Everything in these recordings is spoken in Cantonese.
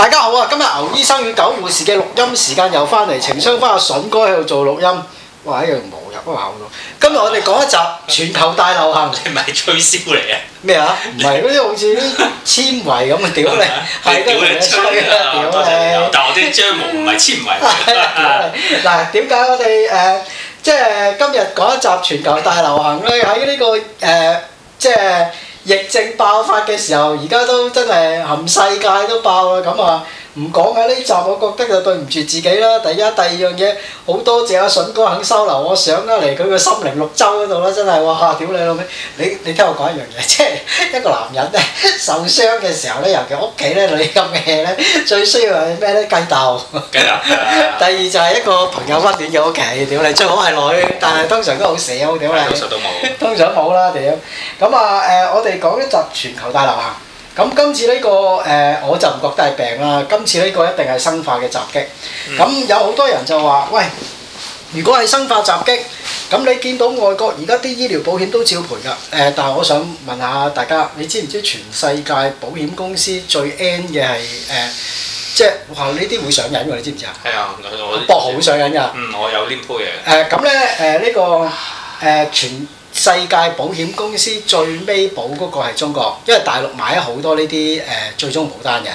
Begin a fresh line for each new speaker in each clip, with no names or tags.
大家好啊！今日牛醫生與九護士嘅錄音時間又翻嚟，情商返阿筍哥喺度做錄音，哇喺度無入個口度。今日我哋講一集全球大流行，你唔係吹簫嚟嘅咩啊？唔係嗰啲好似啲纖維咁嘅屌你，係都唔吹
屌你，但我啲羊毛唔係纖維。
嗱，點解我哋誒即係今日講一集全球大流行咧？喺呢個誒即係。疫症爆發嘅時候，而家都真係全世界都爆啦，咁啊！唔講嘅呢集，我覺得就對唔住自己啦。第一、第二樣嘢，好多謝阿筍哥肯收留我上得嚟佢個心靈綠洲嗰度啦。真係哇！屌你老味，你你聽我講一樣嘢，即係一個男人咧受傷嘅時候咧，尤其屋企咧你咁 hea 咧，最需要係咩咧？雞竇。雞竇。第二就係一個朋友温暖嘅屋企。屌你，最好係女，但係通常都好少。屌你。通常都冇。通常冇啦，屌。咁啊誒，我哋講一集全球大流行。咁今次呢、這個誒、呃、我就唔覺得係病啦，今次呢個一定係生化嘅襲擊。咁、嗯、有好多人就話：喂，如果係生化襲擊，咁你見到外國而家啲醫療保險都照賠㗎。誒、呃，但係我想問下大家，你知唔知全世界保險公司最 N 嘅係誒？即係呢啲會上癮㗎，你知唔知啊？係啊，
我博
好上癮㗎。嗯，
我有、呃、呢杯
嘢。誒咁咧，誒、這、呢個誒、呃、全。世界保險公司最尾保嗰個係中國，因為大陸買咗好多呢啲誒最終保單嘅。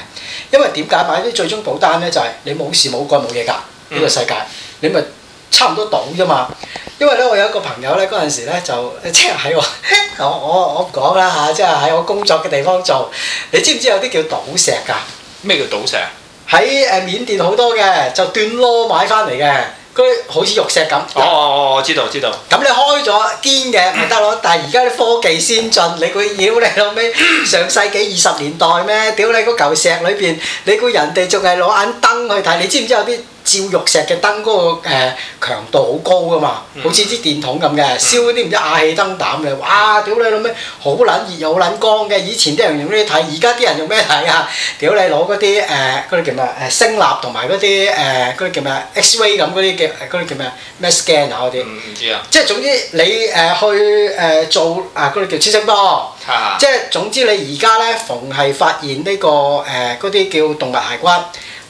因為點解買啲最終保單呢？就係、是、你冇事冇幹冇嘢㗎呢個世界，嗯、你咪差唔多賭啫嘛。因為咧，我有一個朋友咧，嗰陣時咧就即係喺我 我我講啦嚇，即係喺我工作嘅地方做。你知唔知有啲叫賭石㗎？咩叫賭石啊？喺誒緬甸好多嘅，就斷羅買翻嚟嘅。佢好似玉石咁。哦哦哦，我
知道知道。
咁你開咗堅嘅咪得咯，但係而家啲科技先進，你估妖你老味上世紀二十年代咩？屌 你嗰嚿石裏邊，你估人哋仲係攞眼燈去睇？你知唔知有啲？燒玉石嘅燈嗰個誒強度好高噶嘛，好似啲電筒咁嘅，燒啲唔知亞氣燈膽嘅，哇！屌你老味，好撚熱又撚光嘅。以前啲人用呢啲睇，而家啲人用咩睇啊？屌你攞嗰啲誒啲叫咩？誒，星納同埋嗰啲誒啲叫咩？X-ray 咁嗰啲叫嗰啲叫咩？咩 scan、嗯、啊嗰啲？唔知啊。即係總之你誒、呃、去誒、呃、做啊嗰啲叫超聲波。啊、即係總之你而家咧逢係發現呢、呢個誒嗰啲叫動物骸骨。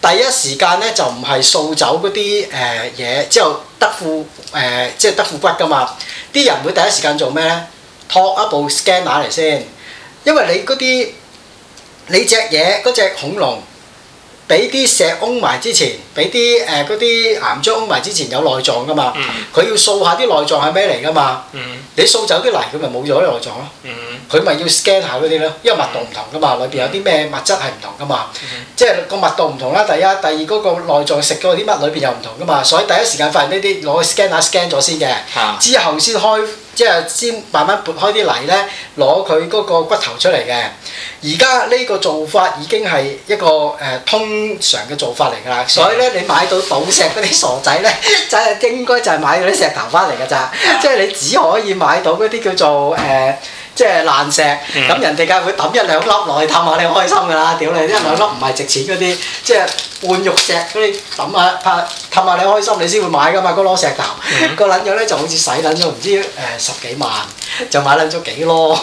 第一時間咧就唔係掃走嗰啲誒嘢，之、呃、後得副誒、呃、即係得副骨㗎嘛，啲人會第一時間做咩咧？托一部 scan 拿嚟先，因為你嗰啲你隻嘢嗰隻恐龍。俾啲石掹埋之前，俾啲誒嗰啲岩漿掹埋之前有內臟噶嘛，佢、mm hmm. 要掃下啲內臟係咩嚟噶嘛，mm hmm. 你掃走啲泥，佢咪冇咗啲內臟咯，佢咪、mm hmm. 要 scan 下嗰啲咯，因為密度唔同噶嘛，裏邊有啲咩物質係唔同噶嘛，mm hmm. 即係個密度唔同啦，第一、第二嗰、嗰個內臟食咗啲乜裏邊又唔同噶嘛，所以第一時間發現呢啲攞去 scan 下 scan 咗先嘅，之後先開。即係先慢慢撥開啲泥咧，攞佢嗰個骨頭出嚟嘅。而家呢個做法已經係一個誒、呃、通常嘅做法嚟㗎啦。所以咧， 你買到賭石嗰啲傻仔咧， 就係、是、應該就係買嗰啲石頭翻嚟㗎咋。即 係你只可以買到嗰啲叫做誒。呃即係爛石，咁人哋梗係會抌一兩粒落去氹下你開心㗎啦！屌你，一兩粒唔係值錢嗰啲，即係換玉石嗰啲抌下拍氹下你開心，你先會買㗎嘛！嗰攞石頭個撚樣咧就好似使撚咗唔知誒十幾萬，就買撚咗幾攞，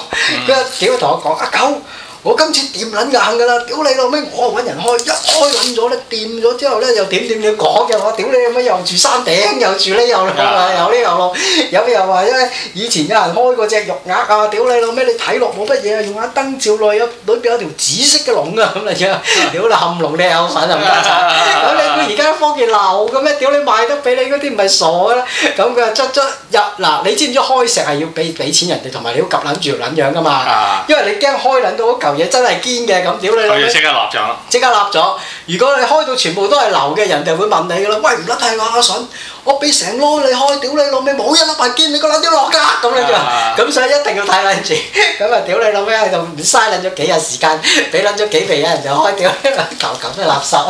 佢幾會同我講啊狗！我今次掂撚硬㗎啦！屌你老味，我揾人開一開撚咗咧，掂咗之後咧又點點點講嘅我，屌你老味又住山頂又住咧又又咧又落，有啲又話咧以前有人開過隻玉額啊，屌你老味你睇落冇乜嘢啊，用眼燈照落去，裏邊有條紫色嘅龍啊咁啊樣，屌你冚隆咧，我實又唔得嘅。咁你佢而家科技流嘅咩？屌你賣得俾你嗰啲唔係傻啦？咁佢又出出入嗱，你知唔知開石係要俾俾錢人哋同埋你要夾撚住撚樣㗎嘛？因為你驚開撚到一嚿。嘢真係堅嘅咁，屌你，你！即刻立咗，即刻立咗。如果你開到全部都係流嘅，人哋會問你噶啦。喂，唔甩係我阿信，我俾成籮你開，屌你老味，冇一粒塊堅，你個撚都落㗎。咁你就咁，所以一定要睇穩住。咁啊，屌你老味，就嘥撚咗幾日時間，俾撚咗幾皮人就開屌一嚿咁嘅垃圾。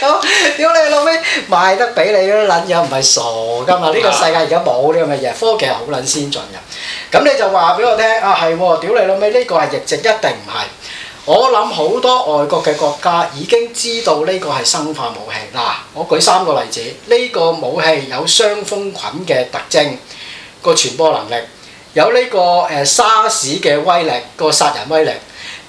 咁屌你老味賣得俾你嗰啲撚嘢，唔係傻㗎嘛？呢個世界而家冇呢樣嘢，科技係好撚先進嘅。咁你就話俾我聽啊，係。屌你老味呢個係疫症，一定唔係。我諗好多外國嘅國家已經知道呢個係生化武器。嗱，我舉三個例子，呢個武器有雙風菌嘅特徵。個傳播能力有呢、這個誒、呃、沙士嘅威力，個殺人威力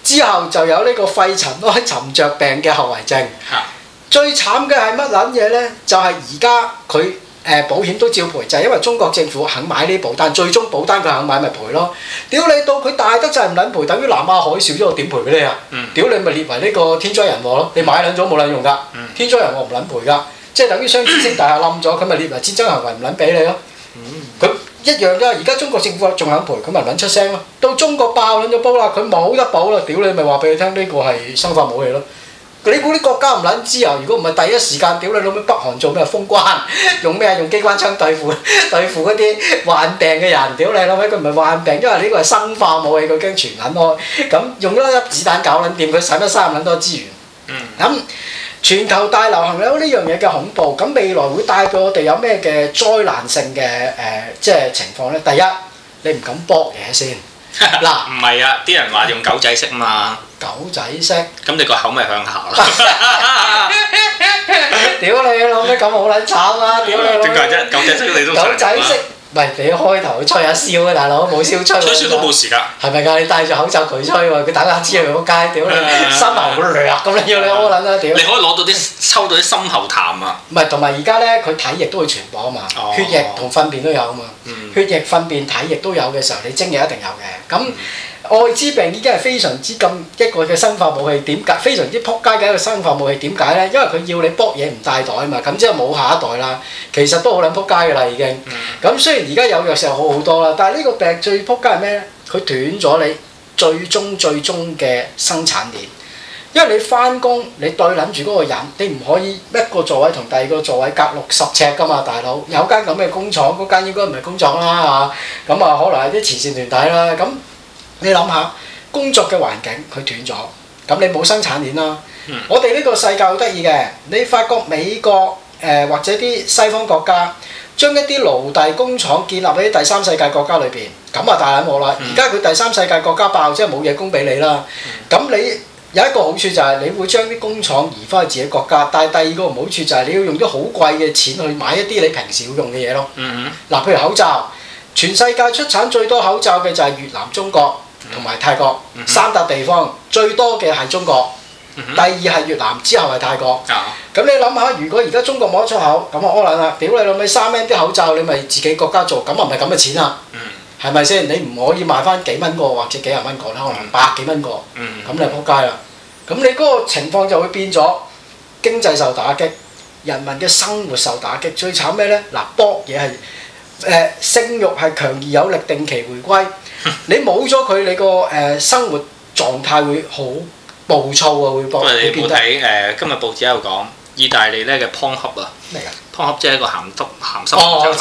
之後就有呢個肺塵埃沉着病嘅後遺症。啊、最慘嘅係乜撚嘢呢？就係而家佢誒保險都照賠，就係、是、因為中國政府肯買呢保單，最終保單佢肯買咪賠咯。屌你到佢大得就唔撚賠，等於南亞海嘯咗我點賠俾你啊？屌、嗯、你咪列為呢個天災人禍咯，你買兩種冇撚用噶，嗯、天災人禍唔撚賠噶，即係等於雙子星大廈冧咗，佢咪列為戰爭行為唔撚俾你咯。佢一樣啫，而家中國政府仲肯賠，咁咪撚出聲咯。到中國爆撚咗煲啦，佢冇得保啦，屌你咪話俾佢聽，呢個係生化武器咯。你估啲國家唔撚知啊？如果唔係第一時間，屌你老味北韓做咩封關？用咩啊？用機關槍對付對付嗰啲患病嘅人，屌你老味佢唔係患病，因為呢個係生化武器，佢驚傳撚開，咁用咗粒子彈搞撚掂，佢使乜嘥咁多資源？嗯，咁、嗯。全球大流行有呢樣嘢嘅恐怖，咁未來會帶俾我哋有咩嘅災難性嘅誒，即係情況呢？第一，你唔敢搏嘢先
嗱，唔係啊，啲人話用狗仔式啊嘛，狗仔式，咁你個口咪向下啦？
屌你，老味咁好撚慘啊！屌你，點解啫？狗仔式你都狗仔式？唔係你開頭吹下燒啊大佬，冇燒吹，吹。吹燒都冇時間。係咪㗎？你戴住口罩佢吹喎，佢打冷氣咪仆街？屌 你，深喉會掠咁你要你屙撚啦屌！ 你可以
攞到啲 抽到啲深喉痰啊！
唔係同埋而家咧，佢、啊、體液都會傳播啊嘛，血液同糞便都有啊嘛，哦嗯、血液糞便體液都有嘅時候，你精液一定有嘅咁。愛滋病已經係非常之咁一個嘅生化武器，點解非常之撲街嘅一個生化武器？點解呢？因為佢要你搏嘢唔帶袋啊嘛，咁即係冇下一代啦。其實都好撚撲街嘅啦，已經。咁、嗯、雖然而家有藥食好好多啦，但係呢個病最撲街係咩呢？佢斷咗你最終最終嘅生產鏈。因為你翻工，你對諗住嗰個人，你唔可以一個座位同第二個座位隔六十尺㗎嘛，大佬。有間咁嘅工廠，嗰間應該唔係工廠啦嚇。咁啊，可能係啲慈善團體啦咁。你諗下，工作嘅環境佢斷咗，咁你冇生產鏈啦。嗯、我哋呢個世界好得意嘅，你發覺美國誒、呃、或者啲西方國家將一啲奴隸工廠建立喺第三世界國家裏邊，咁啊大冧冇啦。而家佢第三世界國家爆，即係冇嘢供俾你啦。咁、嗯、你有一個好處就係、是、你會將啲工廠移返去自己國家，但係第二個唔好處就係、是、你要用啲好貴嘅錢去買一啲你平時要用嘅嘢咯。嗱、嗯嗯，譬如口罩，全世界出產最多口罩嘅就係越南、中國。同埋泰國三笪地方最多嘅係中國，第二係越南，之後係泰國。咁、啊、你諗下，如果而家中國冇得出口，咁我可能啊，屌你老味，三蚊啲口罩你咪自己國家做，咁啊唔係咁嘅錢啦，係咪先？你唔可以賣翻幾蚊個或者幾廿蚊個啦，可能百幾蚊個，咁、嗯、你撲街啦。咁你嗰個情況就會變咗，經濟受打擊，人民嘅生活受打擊，最慘咩呢？嗱，博嘢係誒聲譽係強而有力，定期回歸。 你冇咗佢，你個誒生活狀態會好暴躁啊！會變。你睇
誒、呃、今日報紙度講，意大利咧嘅 Pong 盒啊。咩噶？Pong 盒即係一個鹹濕鹹濕知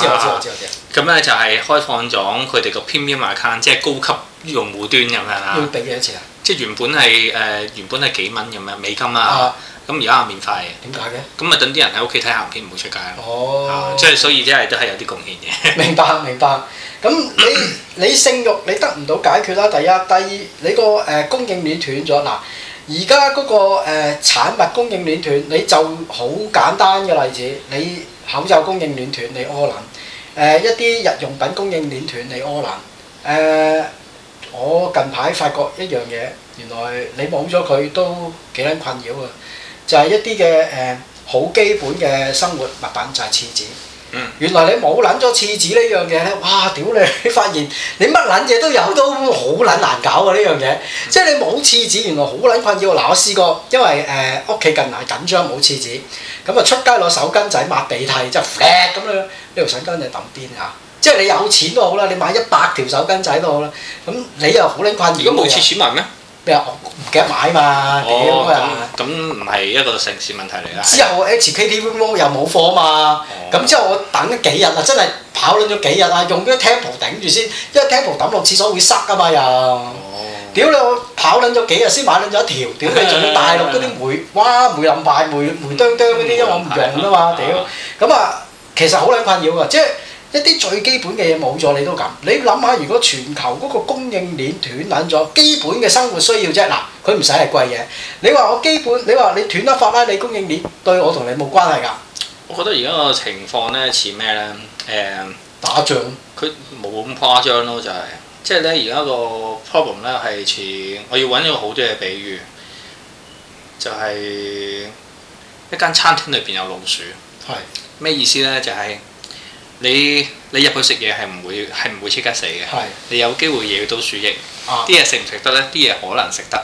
道，站、嗯就是、啊。咁咧就係開放咗佢哋個偏偏 e 卡，即係高級用端，咁樣啊。要俾幾多錢啊？即係原本係誒、呃、原本係幾蚊咁啊？美金啊。啊啊咁而家係免費嘅，點解嘅？咁咪等啲人喺屋企睇鹹片，唔會出街咯。哦，即係所以即係白都係有啲貢獻嘅。
明白，明白。咁你 你性欲你得唔到解決啦。第一，第二，你個誒供應鏈斷咗嗱。而家嗰個誒、呃、產物供應鏈斷，你就好簡單嘅例子，你口罩供應鏈斷，你屙爛。誒、呃，一啲日用品供應鏈斷，你屙爛。誒、呃，我近排發覺一樣嘢，原來你冇咗佢都幾撚困擾啊！就係一啲嘅誒好基本嘅生活物品就係廁紙。原來你冇撚咗廁紙呢樣嘢咧，哇！屌你！你發現你乜撚嘢都有都好撚難搞嘅呢樣嘢。即係你冇廁紙，原來好撚困擾。嗱，我試過，因為誒屋企近嚟緊張冇廁紙，咁啊出街攞手巾仔抹鼻涕，即係咁樣呢條
手巾仔抌邊啊！
即係你有錢都好啦，你買一百條手巾仔都好啦。咁你又
好撚困擾。如果冇廁紙買咩？
俾我唔記得買嘛，屌！
咁唔係一個城市問題嚟啊！之後
HKTV 又冇貨啊嘛，咁之後我等咗幾日啊，真係跑撚咗幾日啊，用啲 Tempo 頂住先，因為 Tempo 抌落廁所會塞啊嘛又，屌你，我跑撚咗幾日先買撚咗一條，屌你，仲要大陸嗰啲煤，哇煤淋牌煤煤噠噠嗰啲因為我唔用啊嘛，屌！咁啊，其實好撚困擾啊，即係。一啲最基本嘅嘢冇咗，你都咁。你諗下，如果全球嗰個供應鏈斷捻咗，基本嘅生活需要啫。嗱，佢唔使係貴嘢。你話我基本，你話你斷咗法拉利供應鏈，對我同你冇關係㗎。
我覺得而家個情況呢，似咩呢？誒、欸，打仗佢冇咁誇張咯，就係、是、即係呢，而家個 problem 呢，係似我要揾個好多嘢比喻，就係、是、一間餐廳裏邊有老鼠。
係
咩是意思呢？就係、是。你你入去食嘢係唔會係唔會即刻死嘅，你有機會惹到鼠疫。啲嘢食唔食得呢？啲嘢可能食得，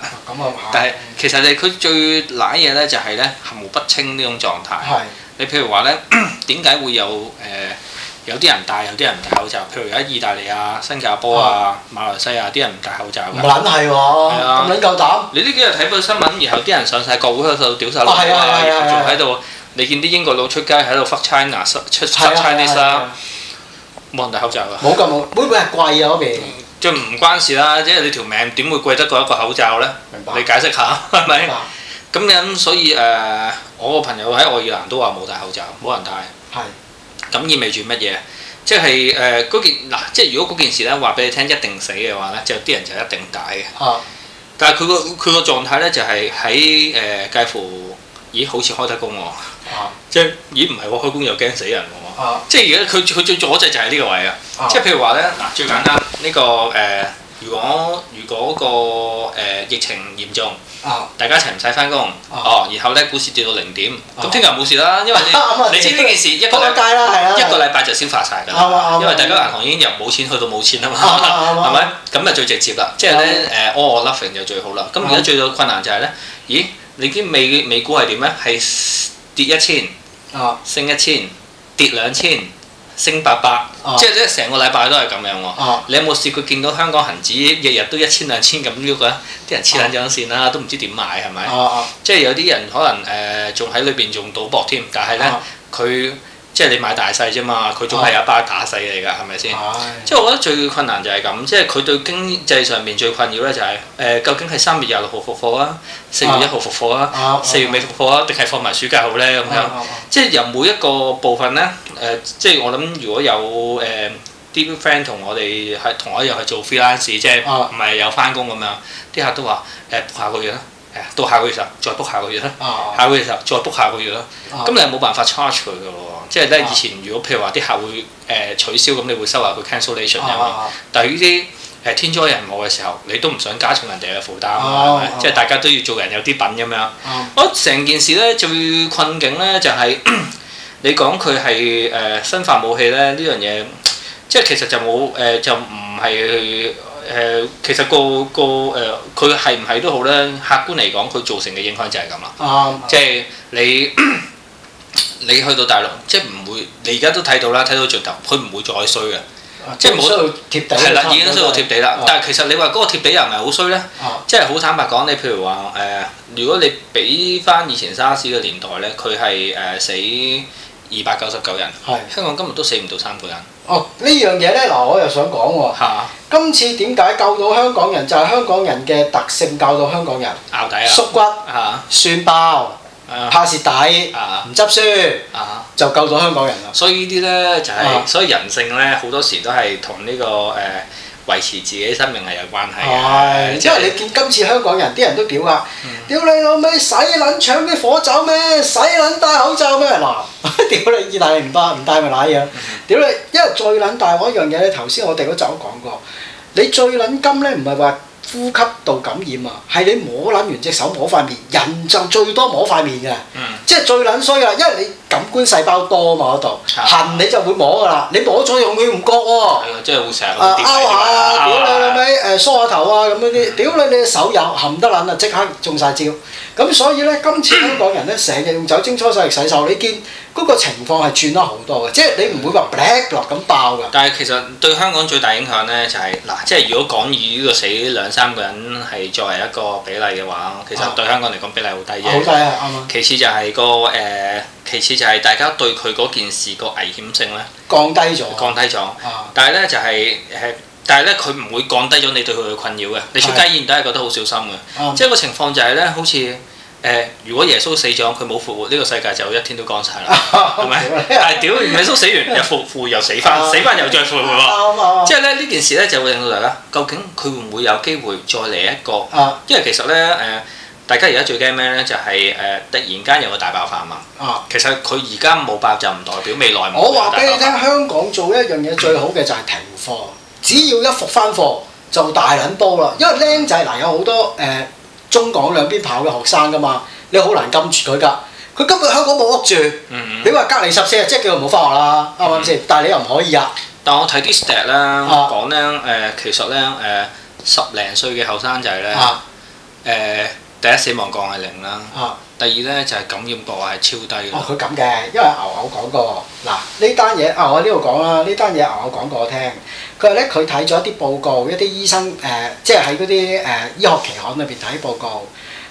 但係其實你佢最賴嘢呢，就係呢含糊不清呢種狀態。你譬如話呢，點解會有誒有啲人戴有啲人唔戴口罩？譬如而家意大利啊、新加坡啊、馬來西亞啲人唔戴口罩。冇撚係
喎，咁撚夠
膽？你呢幾日睇到新聞，然後啲人上晒國會度屌晒仲喺度。你見啲英國佬出街喺度 f u China 出 China 衫，冇人戴口罩噶。冇
咁，冇，嗰邊係貴啊嗰邊。
即唔關事啦，即係你條命點會貴得過一個口罩咧？明白。你解釋下，係咪？明白。咁樣所以誒，我個朋友喺愛爾蘭都話冇戴口罩，冇人戴。係。咁意味住乜嘢？即係誒嗰件嗱，即係如果嗰件事咧話俾你聽一定死嘅話咧，就啲人就一定解嘅。但係佢個佢個狀態咧就係喺誒介乎咦，好似開得工喎。即係咦？唔係我開工又驚死人
喎！
即係而家佢佢最阻滯就係呢個位啊！即係譬如話咧，嗱最簡單呢個誒，如果如果個誒疫情嚴重，大家一齊唔使翻工，啊，然後咧股市跌到零點，咁聽日冇事啦，因為你知呢件事一個禮拜就消化曬㗎，因為大家銀行已經由冇錢去到冇錢啊嘛，係咪？咁啊最直接啦，即係咧誒，all loving 就最好啦。咁而家最到困難就係咧，咦？你知未？美股係點咧？係。跌一千，啊、升一千，跌兩千，升八百，啊、即係即係成個禮拜都係咁樣。啊、你有冇試過見到香港恒指日日都一千兩千咁喐啊？啲人黐捻咗根線啦，都唔知點買係咪？啊啊、即係有啲人可能誒仲喺裏邊用賭博添，但係呢，佢、啊。即係你買大細啫嘛，佢總係有一班打細嚟㗎，係咪先？是即係我覺得最困難就係咁，即係佢對經濟上面最困擾咧就係、是、誒、呃，究竟係三月廿六號復課啊，四月一號復課啊，四月尾復課啊，定係放埋暑假好咧咁樣？啊啊啊、即係由每一個部分咧誒、呃，即係我諗如果有誒啲 friend 同我哋係同一樣係做 freelance，即係唔係有返工咁樣，啲客都話誒、呃、下個月啦。到下個月時候再 book 下個月啦，啊、下個月時候再 book 下個月啦。咁、啊、你係冇辦法 charge 佢嘅喎，即係咧以前如果譬如話啲客會誒取消咁，你會收埋佢 c a n c e l a t i o n 但係呢啲誒天災人禍嘅時候，你都唔想加重人哋嘅負擔，即係大家都要做人有啲品咁樣。我成、啊、件事咧最困境咧就係、是啊、你講佢係誒新化武器咧呢樣嘢，即係其實就冇誒、呃、就唔係。誒、呃，其實個個誒，佢係唔係都好咧？客觀嚟講，佢造成嘅影響就係咁啦。啊、即係你 你去到大陸，即係唔會，你而家都睇到啦，睇到盡頭，佢唔會再衰嘅。啊、即係冇衰，貼地係啦，已經衰到貼地啦。啊、但係其實你話嗰個貼地又唔係好衰咧。啊、即係好坦白講，你譬如話誒、呃，如果你比返以前沙士嘅年代咧，佢係誒死二百九十九人，係是香港今日都死唔到三個人。
哦，呢樣嘢呢，嗱，我又想講喎。啊、今次點解救到香港人？就係、是、香港人嘅特性救到香港人。
咬底骨啊！縮骨爆啊！
算爆
怕蝕底啊！唔執輸啊！就救咗香港人啦。所以呢啲呢，就係、是，所以人性呢，好多時都係同呢個誒。呃維持自己生命係有關係啊！哎就係、因為
你見今次香港人啲人都屌啊、嗯，屌你老味洗撚搶啲火酒咩？洗撚戴口罩咩？嗱，屌你意大利麪包唔戴咪瀨嘢！唔戴唔戴嗯、屌你，因為最撚我一樣嘢咧，頭先我哋嗰集都講過，你最撚金咧唔係話。呼吸道感染啊，係你摸撚完隻手摸塊面，人就最多摸塊面嘅，嗯、即係最撚衰啦，因為你感官細胞多嘛嗰度，痕你就會摸噶啦，你摸咗又唔覺喎，
係啊，真係好成日啊，勾下啊，屌、啊啊啊、你老
味、呃、梳下頭啊咁樣啲，屌你你手有痕得撚啊，即刻、啊啊啊、中晒招，咁、嗯、所以咧，今次香港人咧成 日用酒精搓手液洗手，你見？嗰個情況係轉得好多嘅，即係你唔會話劈落咁
爆㗎。但係其實對香港最大影響咧就係、是、嗱，即係如果港魚個死兩三個人係作為一個比例嘅話，其實對香港嚟講比例好低嘅、啊嗯。好低係啱啊、嗯其那個呃。其次就係個誒，其次就係大家對佢嗰件事個危險性咧降低咗。降低咗、啊就是。但係咧就係誒，但係咧佢唔會降低咗你對佢嘅困擾嘅。你出街依然都係覺得好小心嘅。嗯、即係個情況就係咧，好、嗯、似。嗯誒，如果耶穌死咗，佢冇復活，呢、呢個世界就一天都乾晒啦，係咪？係 屌，耶穌死完又復復，又死翻， 死翻又再復活， 即係咧呢件事咧就會令到大家，究竟佢會唔會有機會再嚟一個？因為其實咧誒、呃，大家而家最驚咩咧？就係、是、誒、呃，突然間有個大爆發啊嘛。 其實佢而家冇爆就唔代表未來冇。我話俾你
聽，香港做一樣嘢最好嘅就係停課， 只要一復翻課就大撚多啦。因為僆仔嗱有好多誒。中港兩邊跑嘅學生㗎嘛，你好難禁住佢㗎，佢根本香港冇屋住。嗯嗯、你話隔離十四日，即係叫佢唔好返學啦，啱唔啱先？吧但係你又唔
可以啊。但我睇啲 stat 咧，講咧誒，其實咧誒、呃，十零歲嘅後生仔咧，誒、啊呃、第一死亡率係零啦。啊啊。第二咧就係、是、感染度係超低嘅。哦，佢咁
嘅，因為牛牛講過嗱呢單嘢啊，我喺呢度講啦，呢單嘢牛牛講過我聽。佢話咧，佢睇咗一啲報告，一啲醫生誒、呃，即係喺嗰啲誒醫學期刊裏邊睇報告。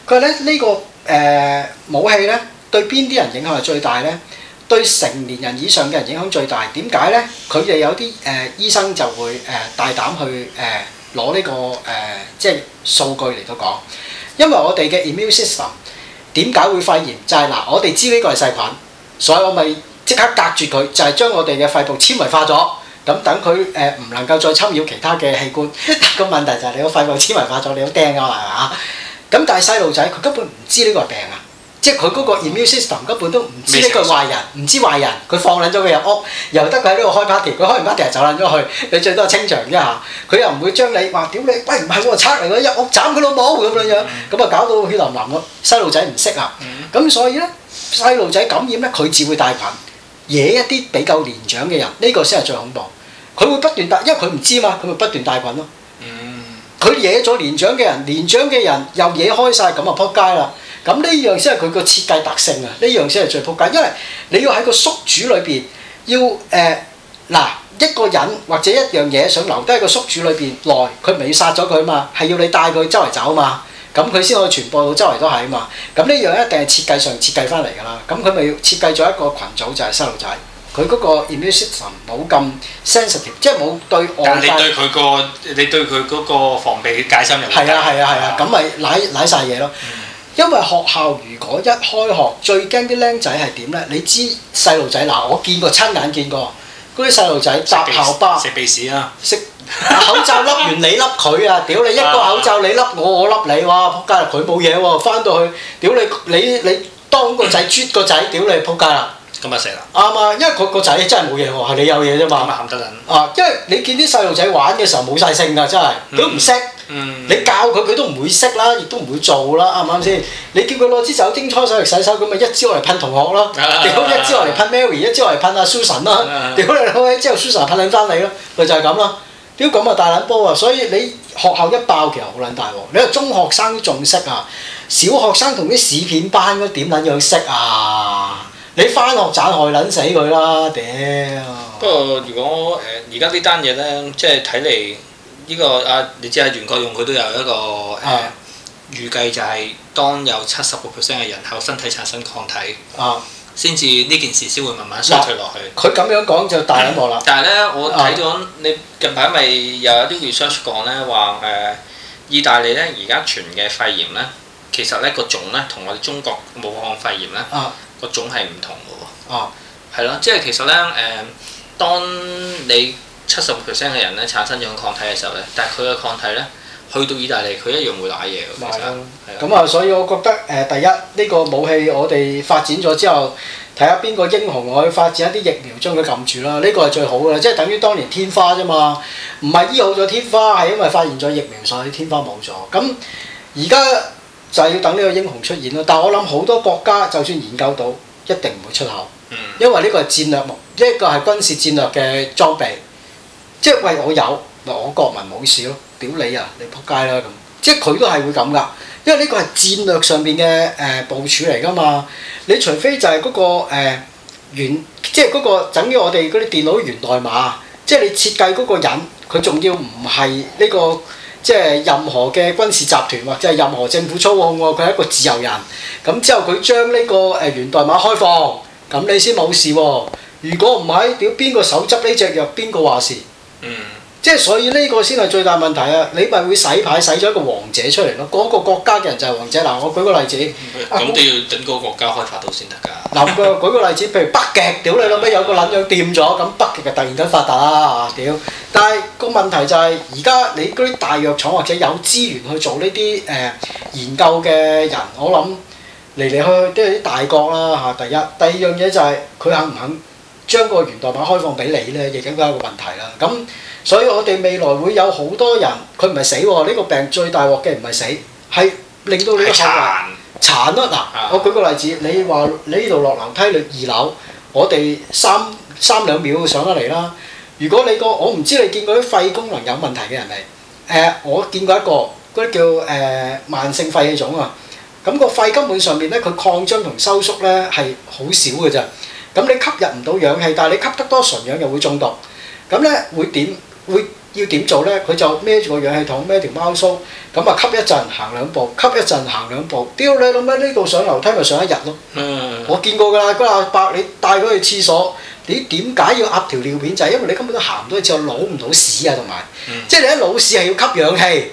佢話咧，呢、這個誒、呃、武器咧對邊啲人影響係最大咧？對成年人以上嘅人影響最大。點解咧？佢哋有啲誒、呃、醫生就會誒、呃、大膽去誒攞呢個誒、呃、即係數據嚟到講，因為我哋嘅 immune system。點解會肺炎？就係嗱，我哋知呢個係細菌，所以我咪即刻隔住佢，就係將我哋嘅肺部纖維化咗。咁等佢誒唔能夠再侵擾其他嘅器官。個問題就係你個肺部纖維化咗，你都釘㗎嘛？係嘛？咁但係細路仔佢根本唔知呢個係病啊！即係佢嗰個 immune system 根本都唔知呢個壞人，唔知壞人，佢放撚咗佢入屋，由得佢喺呢度開 party，佢開完 party 走撚咗去，你最多清場啫。下，佢又唔會將你話屌你，喂，唔係我拆嚟㗎，入屋斬佢老母咁樣樣，咁啊搞到血淋淋㗎，細路仔唔識啊，咁所以呢，細路仔感染呢，佢只會帶菌，惹一啲比較年長嘅人，呢個先係最恐怖，佢會，會不斷帶，因為佢唔知嘛，佢會不斷帶菌咯，佢惹咗年長嘅人，年長嘅人又惹開晒，咁啊撲街啦。咁呢樣先係佢個設計特性啊！呢樣先係最撲街，因為你要喺個宿主裏邊要誒嗱、呃、一個人或者一樣嘢想留低喺個宿主裏邊耐，佢咪要殺咗佢嘛？係要你帶佢周圍走嘛？咁佢先可以傳播到周圍都係啊嘛！咁呢樣一定係設計上設計翻嚟㗎啦。咁佢咪要設計咗一個群組就係細路仔，佢嗰個 i m m u n i s 冇
咁 sensitive，即係冇
對外界。你對佢
個你對佢嗰防備戒心又唔？係啊係啊係啊！
咁咪舐舐晒嘢咯～因為學校如果一開學，最驚啲僆仔係點呢？你知細路仔嗱，我見過親眼見過嗰啲細路仔搭校巴
食鼻屎啊，食口罩笠完你笠佢
啊！屌 你一個口，口罩你笠我，我笠你哇！仆街啦，佢冇嘢喎，翻到去屌你你你當個仔啜個仔屌你仆街啦！咁啊成啦，啱啊，因為佢個仔真係冇嘢喎，係你有嘢啫嘛，冚得撚啊！因為你見啲細路仔玩嘅時候冇晒性㗎，真係都唔識。嗯，你教佢佢都唔會識啦，亦都唔會做啦，啱唔啱先？你叫佢攞支酒精搓手嚟洗手，咁咪一支我嚟噴同學咯？屌、啊、一支我嚟噴 Mary、啊、一支我嚟噴阿 Susan 啦、啊？屌你老味，啊、後一 Susan 噴兩翻你咯？佢就係咁啦。屌咁啊大撚波啊！所以你學校一爆其實好撚大鑊。你話中學生仲識啊，小學生同啲屎片班都點撚樣識啊？你翻學盞害撚死佢啦！屌不過如
果誒而家呢單嘢咧，即係睇嚟。呢、這個啊，你知啊，袁國勇佢都有一個誒預計，啊呃、就係當有七十個 percent 嘅人口身體產生抗體，先至呢件事先會慢慢衰退落去。佢
咁、啊、樣講就大一鑊啦。
但係咧，我睇咗、啊、你近排咪又有啲 research 講咧話誒，意大利咧而家傳嘅肺炎咧，其實咧個種咧同我哋中國武漢肺炎咧、啊、個種係唔同嘅
喎。
係咯、啊，即係其實咧誒、呃，當你。當你七十 percent 嘅人咧產生咗抗體嘅時候咧，但係佢嘅抗體咧去到意大利，佢一樣會瀨嘢。咁啊，的的所
以我覺得誒、呃，第一呢、呢個武器我哋發展咗之後，睇下邊個英雄可以發展一啲疫苗將佢撳住啦。呢、呢個係最好嘅，即係等於當年天花啫嘛。唔係醫好咗天花，係因為發現咗疫苗上，所以天花冇咗。咁而家就係要等呢個英雄出現咯。但我諗好多國家就算研究到，一定唔會出口，嗯、因為呢個係戰略物，一、呢個係軍事戰略嘅裝備。即係喂，我有咪我國民冇事咯？屌你啊，你撲街啦咁！即係佢都係會咁㗎，因為呢個係戰略上邊嘅誒部署嚟㗎嘛。你除非就係嗰個誒源、呃，即係嗰個等於我哋嗰啲電腦源代碼，即係你設計嗰個人，佢仲要唔係呢個即係任何嘅軍事集團或者係任何政府操控，佢係一個自由人咁。之後佢將呢個誒源代碼開放，咁你先冇事喎。如果唔係，屌邊個手執呢隻藥，邊個話事？即係、嗯、所以呢個先係最大問題啊！你咪會洗牌洗咗一個王者出嚟咯，嗰個國家嘅人就係王者。嗱，我舉個例子，咁都、嗯、
要等個國家開發到先
得㗎。嗱， 舉個例子，譬如北極，屌你諗下有個撚樣掂咗，咁北極就突然間發達啊！屌，但係個問題就係而家你嗰啲大藥廠或者有資源去做呢啲誒研究嘅人，我諗嚟嚟去去都係啲大國啦嚇。第一，第二樣嘢就係、是、佢肯唔肯。將個源代碼開放俾你咧，亦應該係一個問題啦。咁所以我哋未來會有好多人，佢唔係死喎，呢、這個病最大鑊嘅唔係死，係令到你殘殘咯、啊、嗱。啊、我舉個例子，你話你呢度落樓梯你二樓，我哋三三兩秒上得嚟啦。如果你個我唔知你見過啲肺功能有問題嘅人未？誒、呃，我見過一個嗰啲、那個、叫誒、呃、慢性肺氣腫啊。咁、那個肺根本上面咧，佢擴張同收縮咧係好少嘅咋。咁你吸入唔到氧氣，但係你吸得多純氧又會中毒。咁咧會點？會要點做咧？佢就孭住個氧氣筒，孭條貓須，咁啊吸一陣行兩步，吸一陣行兩步，屌你老母！呢度上樓梯咪上一日咯。嗯、我見過㗎啦，嗰阿伯你帶佢去廁所，你點解要壓條尿片？就係、是、因為你根本都行唔到去廁所，攞唔到屎啊，同埋、嗯、即係你啲老鼠係要吸氧氣。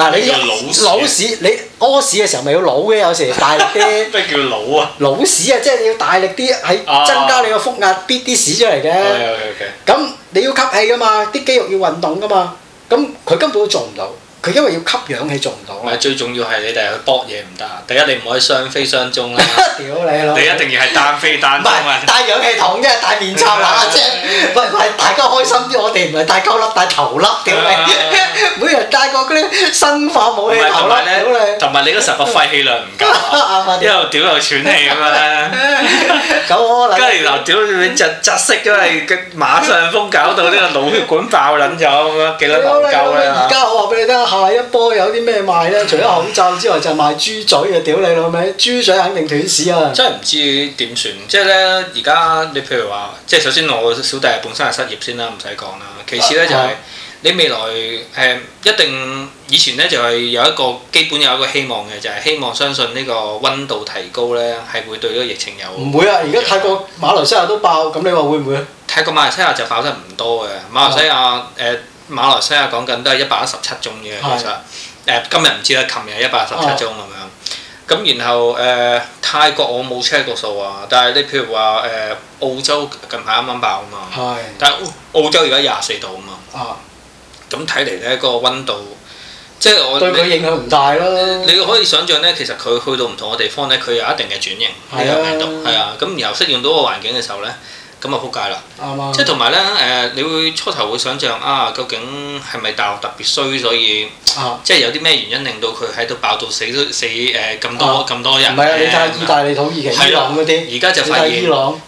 嗱，你老屎，你屙屎嘅時候咪要攞嘅有時大力啲。咩 叫攞啊？老屎啊，即係你要大力啲喺、啊、增加你個腹壓，逼啲屎出嚟嘅。咁 Okay,
okay.
你要吸氣噶嘛，啲肌肉要運動噶嘛，咁佢根本都做唔到。佢因為要吸氧
氣做唔到啊！最重要係你哋去搏嘢唔得，第一你唔可以雙飛雙中啦。屌你你一定要係單飛單中。唔係帶氧氣
筒，一係帶面罩嗱嗱聲。唔係唔係，大家開心啲，我哋唔係帶鳩粒，帶頭粒屌你！每人帶個嗰啲生化武器頭啦。
同埋你嗰十個肺氣量唔夠，
因為一路
屌又喘氣啊嘛！咁我嗱屌你質質色都係馬上風搞到呢個腦血管爆撚咗，幾多唔夠啊！而家我話俾
你聽。下一波有啲咩賣呢？除咗口罩之外，就係、賣豬嘴啊！屌你老味，豬嘴肯定斷市啊！真
係唔知點算。即係呢，而家你譬如話，即係首先我小弟本身係失業先啦，唔使講啦。其次呢就、啊，就、啊、係。你未來誒一定以前咧就係、是、有一個基本有一個希望嘅，就係、是、希望相信呢個溫度提高咧係會對呢個疫情有唔會啊！
而家泰，泰國馬來西亞都爆，咁你話會唔會？
泰國馬來西亞就爆得唔多嘅，馬來西亞誒、哦呃、馬來西亞講緊都係一百一十七宗嘅，其實誒今日唔知啦，琴日一百一十七宗咁、哦、樣。咁然後誒、呃、泰國我冇 check 過數啊，但係你譬如話誒、呃、澳洲近排啱啱爆啊嘛，但係澳洲而家廿四度啊嘛。咁睇嚟咧，呢個溫度即係我對佢影響唔大咯。你可以想象呢，其實佢去到唔同嘅地方呢，佢有一定嘅轉型呢個病毒。係啊係啊，咁然後適應到個環境嘅時候呢。咁啊，撲街啦！
即係同埋呢，誒，
你會初頭會想像啊，究竟係咪大陸特別衰，所以即係有啲咩原因令到佢喺度爆到死都死誒咁多咁多人？唔係啊，你睇意大
利同土耳其，伊朗
嗰啲，而家就發現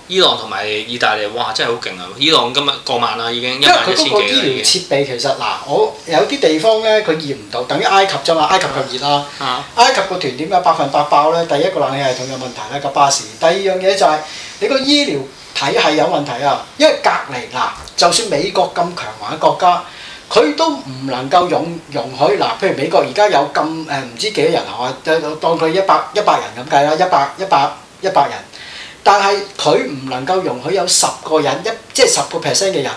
伊朗同埋意大利，哇，真係好勁啊！伊朗今日過萬啦，已經因為佢嗰個醫療
設備其實嗱，我有啲地方呢，佢熱唔到，等於埃及啫嘛，埃及夠熱啦。埃及個團點解百分百爆呢？第一個冷氣系統有問題呢個巴士。第二樣嘢就係你個醫療。體系有問題啊，因為隔離嗱，就算美國咁強橫嘅國家，佢都唔能夠容容許嗱，譬如美國而家有咁誒唔知幾多人啊，我、呃、當佢一百一百人咁計啦，一百一百一百人，但係佢唔能夠容許有十個人一即係十個 percent 嘅人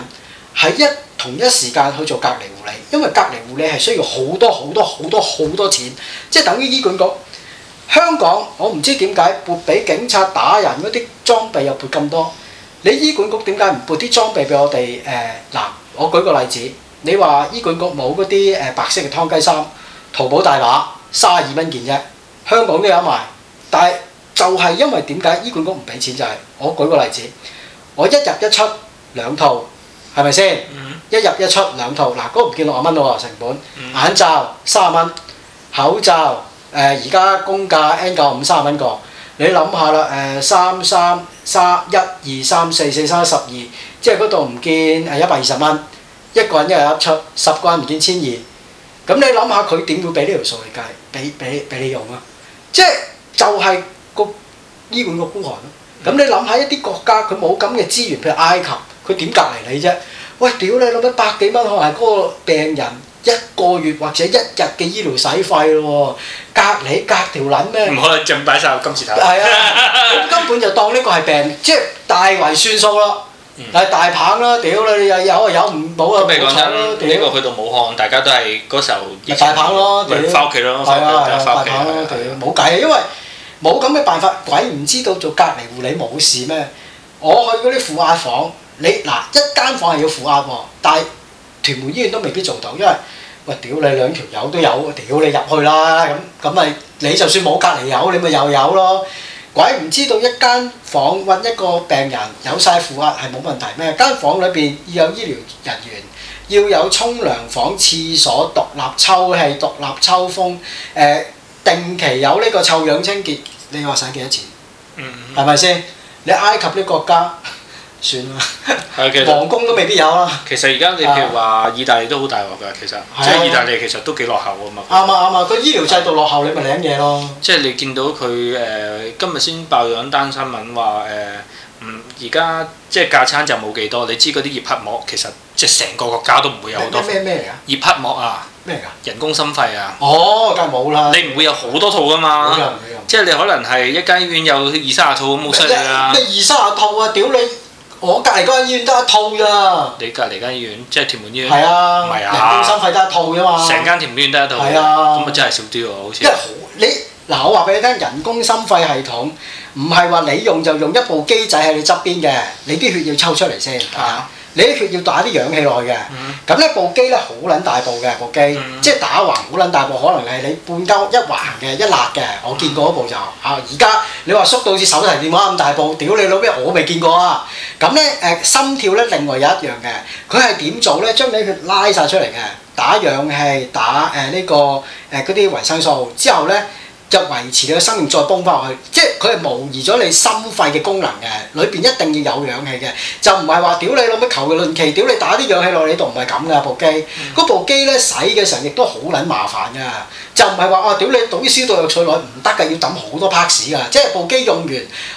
喺一同一時間去做隔離護理，因為隔離護理係需要好多好多好多好多錢，即係等於醫管局香港，我唔知點解撥俾警察打人嗰啲裝備又撥咁多。你醫管局點解唔撥啲裝備俾我哋？誒、呃、嗱，我舉個例子，你話醫管局冇嗰啲誒白色嘅湯雞衫，淘寶大把，三十二蚊件啫，香港都有賣。但係就係因為點解醫管局唔俾錢、就係？就係我舉個例子，我一入一出兩套，係咪先？Mm hmm. 一入一出兩套嗱，嗰、呃那個唔見六十蚊喎成本，mm hmm. 眼罩三十蚊，口罩而家、呃、公價 N 九五三十蚊個。你諗下啦，誒三三三一二三四四三十二，即係嗰度唔見係一百二十蚊，一個人一日一出十個唔見千二，咁你諗下佢點會俾呢條數嚟計，俾俾俾你用啊？即係就係個醫院個孤寒咯。咁你諗下一啲國家佢冇咁嘅資源，譬如埃及，佢點隔離你啫？喂，屌你老母百幾蚊，係嗰個病人。一個月或者一日嘅醫療使費咯喎，隔離隔條撚咩？唔好啦，
盡擺晒，金錢塔。係啊，
咁根本就當呢個係病，即係大為算數咯，係、嗯、大棒啦，屌啦，你有啊有唔冇啊冇咯。有有錯你呢
了個去到武漢，大家都係嗰時候。大棒咯，返屋企咯，係啊，大棒咯，
佢冇計，因為冇咁嘅辦法，鬼唔知道做隔離護理冇事咩？我去嗰啲負壓房，你嗱一間房係要負壓喎，但係屯門醫院都未必做到，因為。哇！屌你兩條友都有，屌你入去啦咁咁咪你就算冇隔離友，你咪又有咯。鬼唔知道一間房揾一個病人有晒負壓係冇問題咩？間房裏邊要有醫療人員，要有沖涼房、廁所獨立抽氣、獨立抽風、呃。定期有呢個臭氧清潔，你話省幾多錢？
嗯係
咪先？你埃及啲國家？
算啦，皇宮都未必有啦。其實而家你譬如話，意大利都好大鑊㗎。其實即係意大利其實都幾落後啊嘛。啱啊啱啊，個醫療制度落後，你咪領嘢咯。即係你見到佢誒今日先爆咗一單新聞話誒，而家即係架餐就冇幾多。你知嗰啲葉匹膜其實即係成個國家都唔會有好多。咩咩嚟㗎？葉匹膜啊！
咩
㗎？人工心肺啊！哦，梗係冇啦。你唔會有好多套㗎嘛？即係你可能係一間醫院有二三十套咁好犀利啦。二三十套啊！屌你！我隔離嗰間醫院得一套咋。你隔離間醫院即係屯門醫院，係啊，係啊，人工心肺得一套咋嘛。成間屯門醫院得一套，係啊。咁啊真係少啲喎，好似。因為好
你嗱，我話俾你聽，人工心肺系統唔係話你用就用一部機仔喺你側邊嘅，你啲血要抽出嚟先。啊。你啲血要打啲氧氣落去嘅，咁咧、嗯、部機咧好撚大部嘅部機，嗯、即係打橫好撚大部，可能係你半交一橫嘅一辣嘅，我見過嗰部就、嗯、啊，而家你話縮到好似手提電話咁大部，屌你老味，我未見過啊！咁咧誒心跳咧另外有一樣嘅，佢係點做咧？將你血拉晒出嚟嘅，打氧氣，打誒呢、呃呢個誒嗰啲維生素之後咧。就維持你個生命再泵翻佢，即係佢係模疑咗你心肺嘅功能嘅，裏邊一定要有氧氣嘅，就唔係話屌你老母求其、嗯啊、屌你打啲氧氣落你度，唔係咁噶部機，部機咧洗嘅時候亦都好撚麻煩噶，就唔係話啊屌你，對於消毒藥水來唔得嘅，要抌好多拍 a c 噶，即係部機用完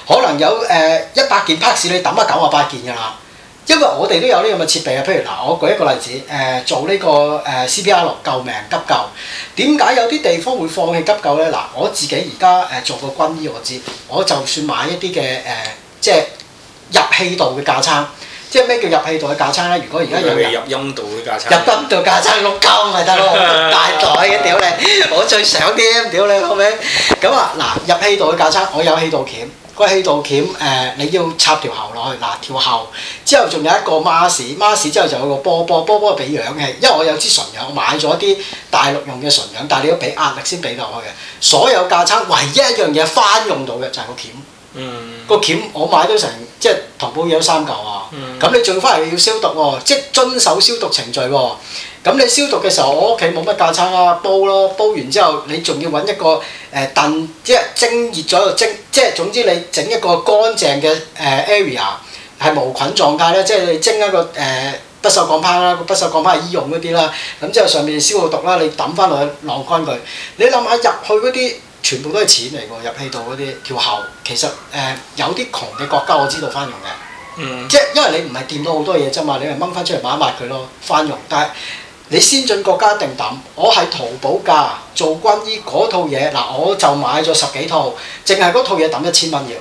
可能有誒一百件拍 a 你抌一九啊八件㗎啦。因為我哋都有呢樣嘅設備啊，譬如嗱，我舉一個例子，誒、呃、做呢個誒 CPR 落救命急救，點解有啲地方會放棄急救咧？嗱，我自己而家誒做個軍醫，我知，我就算買一啲嘅誒，即係入氣道嘅架撐，即係咩叫入氣道嘅架撐咧？如果而家有入
陰道嘅架撐，
入陰道架撐碌救咪得咯，大袋嘅屌你， 我最想啲，屌你後尾，好？咁啊，嗱，入氣道嘅架撐，我有氣道鉗。個氣道鉗，誒、呃、你要插條喉落去，嗱條喉之後仲有一個 mask，mask 之後就有個波波波波俾氧氣，因為我有支純氧，我買咗啲大陸用嘅純氧，但係你要俾壓力先俾到去嘅。所有架撐唯一一樣嘢翻用到嘅就係個鉗，個、嗯、鉗我買咗成即係淘寶有三嚿啊，咁、嗯、你仲翻嚟要消毒喎、哦，即係遵守消毒程序喎、哦。咁你消毒嘅時候，我屋企冇乜架撐啦，煲咯，煲完之後你仲要揾一個誒、呃、燉，即係蒸熱咗就蒸，即係總之你整一個乾淨嘅誒、呃、area 係無菌狀態咧，即係你蒸一個誒不鏽鋼 pan 啦，個不鏽鋼 pan 係醫用嗰啲啦，咁之後上面消過毒啦，你抌翻落去晾乾佢。你諗下入去嗰啲全部都係錢嚟喎，入氣道嗰啲條喉。其實誒、呃、有啲窮嘅國家我知道翻用嘅，嗯、即係因為你唔係掂到好多嘢啫嘛，你係掹翻出嚟抹一抹佢咯，翻用。但係你先進國家一定抌，我係淘寶價做軍醫嗰套嘢嗱，我就買咗十幾套，淨係嗰套嘢抌一千蚊要。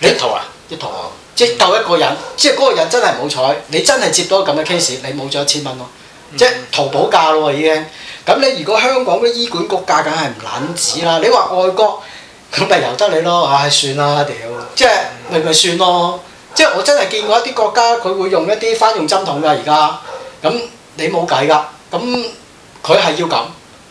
你一套啊，一套圖、嗯、即係夠一個人，即係嗰個人真係冇彩，你真係接到咁嘅 case，你冇咗一千蚊咯，即係淘寶價咯已經。咁你如果香港嘅醫管局價，梗係唔撚止啦。你話外國，咁咪由得你咯。唉、哎，算啦，屌、啊，即係咪咪算咯？即係我真係見過一啲國家，佢會用一啲翻用針筒㗎而家咁。你冇計㗎，咁佢係要咁，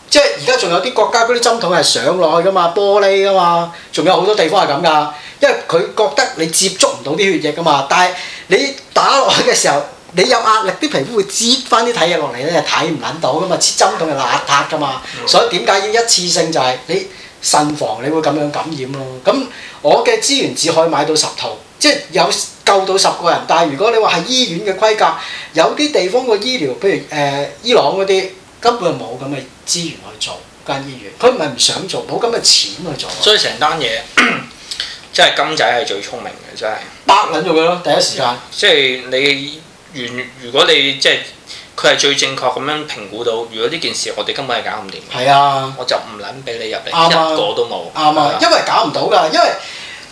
即係而家仲有啲國家嗰啲針筒係上落去㗎嘛，玻璃㗎嘛，仲有好多地方係咁㗎，因為佢覺得你接觸唔到啲血液㗎嘛，但係你打落去嘅時候，你有壓力，啲皮膚會擠翻啲體液落嚟咧，就睇唔揾到㗎嘛，啲針筒係邋遢㗎嘛，所以點解要一次性就係你慎防你會咁樣感染咯，啊，咁我嘅資源只可以買到十套，即係有。救到十個人，但係如果你話係醫院嘅規格，有啲地方個醫療，譬如誒、呃、伊朗嗰啲，根本冇咁嘅資源去做
間醫院，佢唔係唔想做，冇咁嘅錢去做。所以成單嘢即係金仔係最聰明嘅，真係。白撚咗佢咯，第一時間。即係你如如果你即係佢係最正確咁樣評估到，如果呢件事我哋根本係搞唔掂，係啊，我就唔撚俾你入嚟，吧一個都冇。啱啊，吧吧，因
為搞唔到㗎，因為。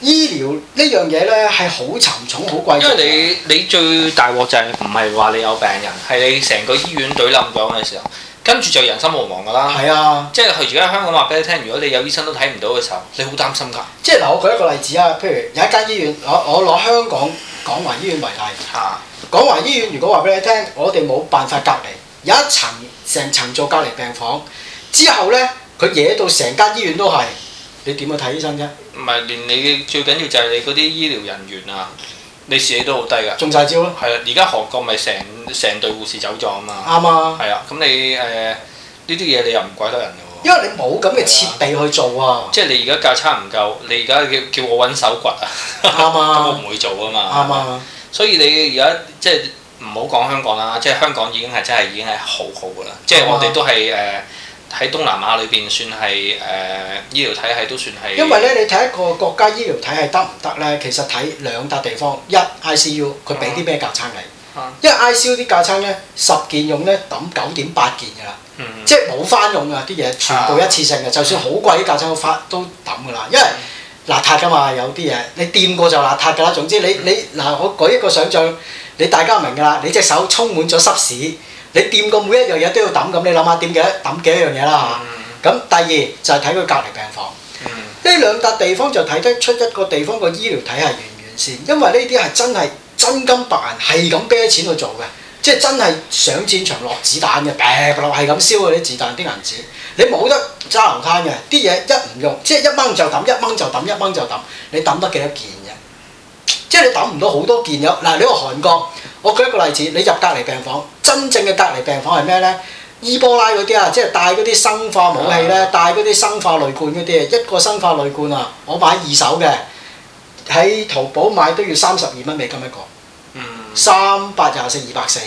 醫療呢樣嘢呢係好沉重、好貴因為你
你最大禍就係唔係話你有病人，係你成個醫院隊冧咗嘅時候，跟住就人心惶惶㗎啦。係是啊即，即係佢而家香港話俾你聽，如果你有醫生都睇唔到嘅時候，你好擔心㗎。即
係嗱，我舉一個例子啊，譬如有一間醫院，我我攞香港港華醫院為例。嚇！是啊、港華醫院如果話俾你聽，我哋冇辦法隔離，有一層成層做隔離病房，之後呢，佢惹到成間醫院都係，你點去睇醫生啫？
唔係，連你最緊要就係你嗰啲醫療人員啊，你士氣都好低噶，中晒招咯。係啊，而家韓國咪成成隊護士走咗啊嘛。啱吧、呃、啊。係啊，咁你誒呢啲嘢你又唔怪得人噶喎。因為你冇咁嘅設備去做啊。即係你而家架撐唔夠，你而家叫叫我揾手掘啊，啱咁吧 我唔會做噶嘛。啱啊吧。所以你而家即係唔好講香港啦，即係香港已經係真係已經係好好噶啦，即係我哋都係誒。喺東南亞裏邊算係誒醫療體系都算係。因為咧你
睇一個國家醫療體系得唔得咧，其實睇兩笪地方，一 ICU 佢俾啲咩架撐你，因為 ICU 啲架撐咧十件用咧抌九點八件㗎啦，即係冇翻用㗎啲嘢，全部一次性嘅，就算好貴啲架撐都發都抌㗎啦，因為邋遢㗎嘛有啲嘢，你掂過就邋遢㗎啦。總之你你嗱我舉一個想像，你大家明㗎啦，你隻手充滿咗濕屎。你掂過每一樣嘢都要揼咁，你諗下掂幾多揼幾多樣嘢啦嚇。咁、嗯、第二就係睇佢隔離病房，呢兩笪地方就睇得出一個地方個醫療體系完唔完善，因為呢啲係真係真金白銀係咁啤錢去做嘅，即係真係上戰場落子彈嘅，劈落係咁燒嗰啲子彈啲銀紙。你冇得揸流攤嘅，啲嘢一唔用，即係一掹就揼，一掹就揼，一掹就揼，你揼得幾多件嘅？即係你揼唔到好多件有。嗱，你個韓國。我舉一個例子，你入隔離病房，真正嘅隔離病房係咩呢？伊波拉嗰啲啊，即係帶嗰啲生化武器呢，的帶嗰啲生化濾罐嗰啲啊。一個生化濾罐啊，我買二手嘅喺淘寶買都要三十二蚊美金一個，三百廿四二百四，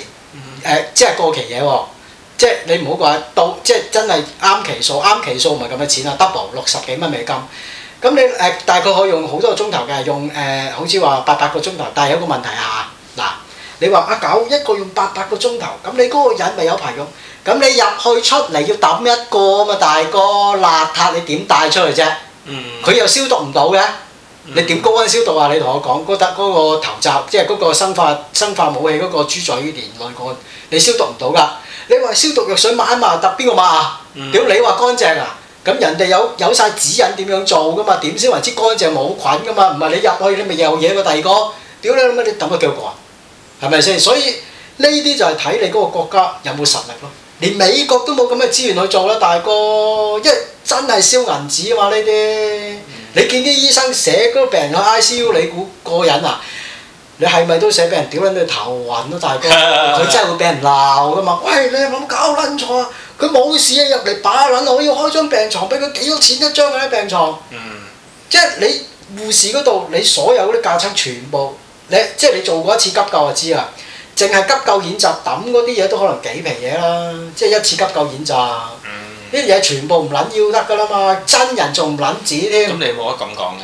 即係過期嘢喎。即係你唔好怪，到，即係真係啱期數，啱期數唔係咁嘅錢啊，double 六十幾蚊美金。咁你誒、呃、大概可以用好多個鐘頭嘅，用誒、呃、好似話八百個鐘頭，但係有個問題嚇嗱。你話阿狗一個用八百個鐘頭，咁你嗰個人咪有排用？咁你入去出嚟要揼一個嘛？大哥，邋遢，你點帶出去啫？佢又消毒唔到嘅，你點高溫消毒啊？你同我講嗰得嗰個頭罩，即係嗰個生化生化武器嗰個豬嘴連埋個，你消毒唔到㗎。你話消毒藥水抹一抹？揼邊個抹啊？屌你話乾淨啊？咁人哋有有曬指引點樣做㗎嘛？點先為之乾淨冇菌㗎嘛？唔係你入去你咪有嘢㗎。第二個，屌你咁啊！你揼咗幾個啊？係咪先？所以呢啲就係睇你嗰個國家有冇實力咯。連美國都冇咁嘅資源去做啦，大哥。因為真係燒銀紙啊嘛！呢啲你見啲醫生寫嗰個病人 ICU，你估過癮啊？你係咪都寫俾人屌撚到頭暈咯，啊，大哥？佢 真係會俾人鬧噶嘛？喂，你係咁搞撚錯啊！佢冇事啊，入嚟把撚我，要開張病床俾佢幾多錢一張嗰啲病床！嗯， 即係你護士嗰度，你所有啲架撐全部。你即係你做過一次急救就知啦，淨係急救演習揼嗰啲嘢都可能幾皮嘢啦，即係一次急救演習，啲嘢、嗯、全部唔撚要得噶啦嘛，真人仲唔撚止添。咁、嗯、
你冇得咁講嘅，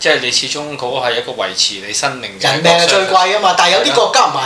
即係你始終嗰個係一個維持你生命嘅。人命係最貴噶嘛，的但係有啲國
家唔係。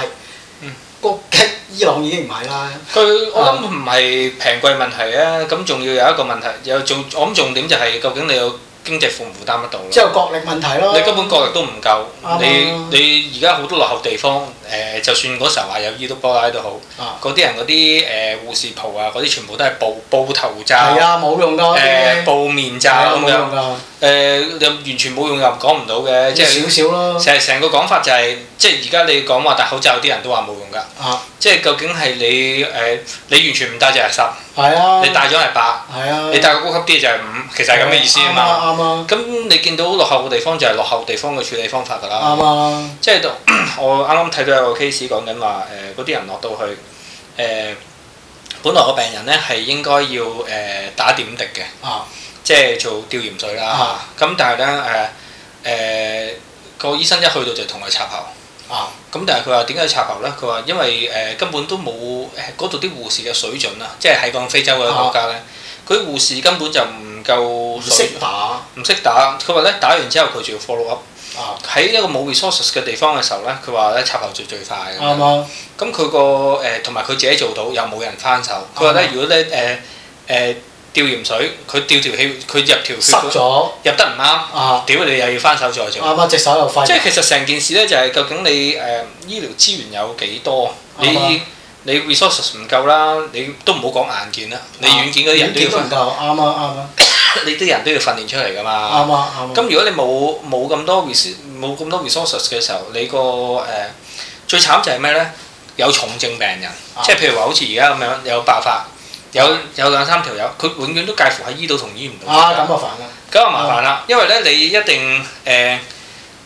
嗯、
國劇伊朗已經唔係啦。佢、嗯、我諗唔係平貴問題啊，咁仲要有一個問題，又重我諗重點就係、是、究竟你有。經濟負唔負擔得到？即係國
力問題咯。你根
本國力都唔夠、啊。你你而家好多落後地方，誒、呃，就算嗰時候話、啊、有伊都波拉都好，嗰啲、啊、人嗰啲誒護士袍啊，嗰啲全部都係布布頭罩。係啊，冇用㗎。誒、呃、布面罩咁、啊、樣。冇用㗎。誒，你完全冇用又講唔到嘅，許許即係成成個講法就係、是。即係而家你講話戴口罩啲人都話冇用㗎，啊、即係究竟係你誒、呃、你完全唔戴就係十，你戴咗係八，你戴個高級啲就係五，其實係咁嘅意思啊嘛。啱啱咁你見到落後嘅地方就係落後地方嘅處理方法㗎啦。啱啦、啊。啊、即係我啱啱睇到有個 case 講緊話誒，嗰、呃、啲人落到去誒、呃，本來個病人咧係應該要誒、呃、打點滴嘅，啊、即係做吊鹽水啦。咁、啊啊、但係咧誒誒個醫生一去到就同佢插喉。啊！咁但係佢話點解要插喉呢？佢話因為誒、呃、根本都冇誒嗰度啲護士嘅水準啦，即係喺講非洲嘅國家呢，佢、啊、護士根本就唔夠，唔識打，唔識打。佢話呢，打完之後佢仲要 follow up、啊。喺一個冇 resources 嘅地方嘅時候呢，佢話呢，插喉最最快。咁佢、啊、個誒同埋佢自己做到又冇人翻手。佢話、啊、呢，如果呢。誒、呃、誒。呃呃吊鹽水，佢吊條氣，佢入條塞咗，入得唔啱，屌你又要翻手再做，即係其實成件事咧就係究竟你誒醫療資源有幾多？你你 resources 唔夠啦，你都唔好講硬件啦，你軟件嗰啲人都要訓練，啱啱啱啊，你啲人都要訓練出嚟㗎嘛，啱啊啱，咁如果你冇冇咁多 resources 冇咁多 resources 嘅時候，你個誒最慘就係咩咧？有重症病人，即係譬如話好似而家咁樣有爆發。有有兩三條友，佢永遠都介乎喺醫度同醫唔到。啊，咁就煩啦！咁就麻煩啦，嗯、因為咧，你一定誒。呃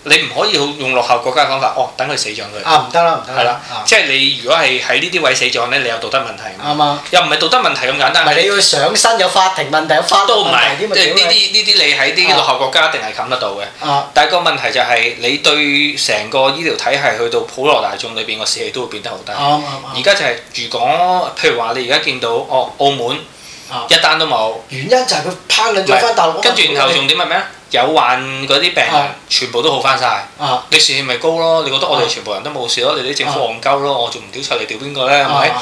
你唔可以用落後國家嘅方法，哦，等佢死咗。佢。啊，唔得啦，唔得。係啦，即係你如果係喺呢啲位死咗，咧，你有道德問題。啱啊。又唔係道德問題咁簡單。唔係你要
上身有法庭問題，有
法律問題，即係呢啲呢啲，你喺啲落後國家一定係冚得到嘅。但係個問題就係，你對成個醫療體系去到普羅大眾裏邊個士氣都會變得好低。而家就係，如果譬如話，你而家見到，澳門一單都冇。原因就係佢拋兩返大陸。跟住然後仲點啊？咩有患嗰啲病人全部都好翻晒。你士氣咪高咯？你覺得我哋全部人都冇事咯？你啲政府戇鳩咯？我仲唔屌柒你屌邊個呢？係咪？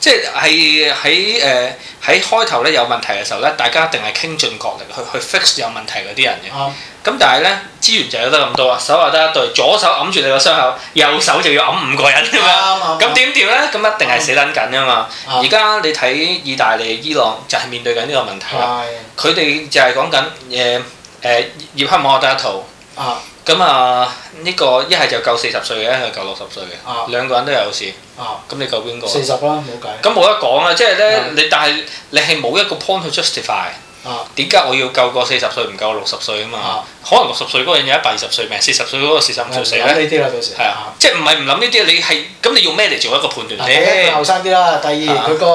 即係喺誒喺開頭呢，有問題嘅時候呢，大家一定係傾盡國力去去 fix 有問題嗰啲人嘅。咁但係呢，資源就有得咁多啊，手又得一對，左手揞住你個傷口，右手就要揞五個人咁樣。咁點調呢？咁一定係死撚緊啊嘛！而家你睇意大利、伊朗就係面對緊呢個問題。佢哋就係講緊誒葉黑網我第一套，咁啊呢個一係就夠四十歲嘅，一係夠六十歲嘅，兩、啊、個人都有事，咁你救邊個？四十啦，冇計。咁冇得講啊，即係咧你，但係你係冇一個 point 去 justify。啊！點解我要夠個四十歲唔夠六十歲啊？嘛，可能六十歲嗰人有一百二十歲命，四十歲嗰個四十五歲死咧。諗呢啲啦，到時。係啊，即係唔係唔諗呢啲你係咁，你用咩嚟做一個判斷咧？後
生啲啦，第二佢個